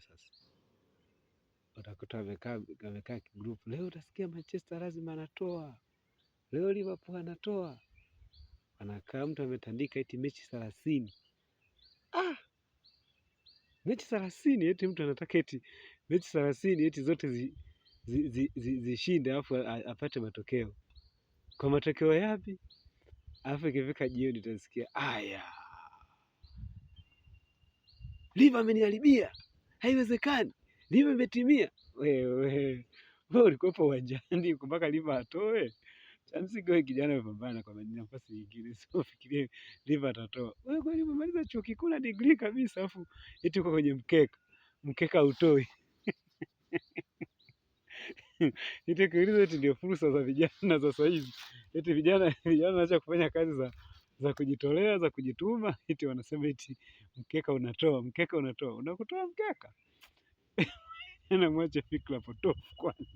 sasa. Utakuta wamekaa kigrupu, leo utasikia Manchester lazima anatoa, leo Liverpool anatoa, anakaa mtu ametandika eti mechi thelathini. Ah, mechi thelathini eti mtu anataka eti mechi thelathini eti zote zishinde zi, zi, zi alafu apate matokeo kwa matokeo yapi? Alafu ikifika jioni utasikia aya, Liverpool ameniharibia haiwezekani, Liva imetimia. Wewe wewe ulikuwepo uwanjani mpaka Liva atoe chansi goe, kijana amepambana kwa nafasi nyingine, sio fikirie Liva atatoa. Wewe kweli umemaliza chuo kikuu na degree kabisa, afu eti uko kwenye mkeka, mkeka utoi eti eti ndio fursa za vijana za sasa hivi, eti vijana vijana wanaacha kufanya kazi za za kujitolea za kujituma, eti wanasema eti mkeka unatoa mkeka unatoa, unakutoa mkeka namwacha fikra potofu kwanza.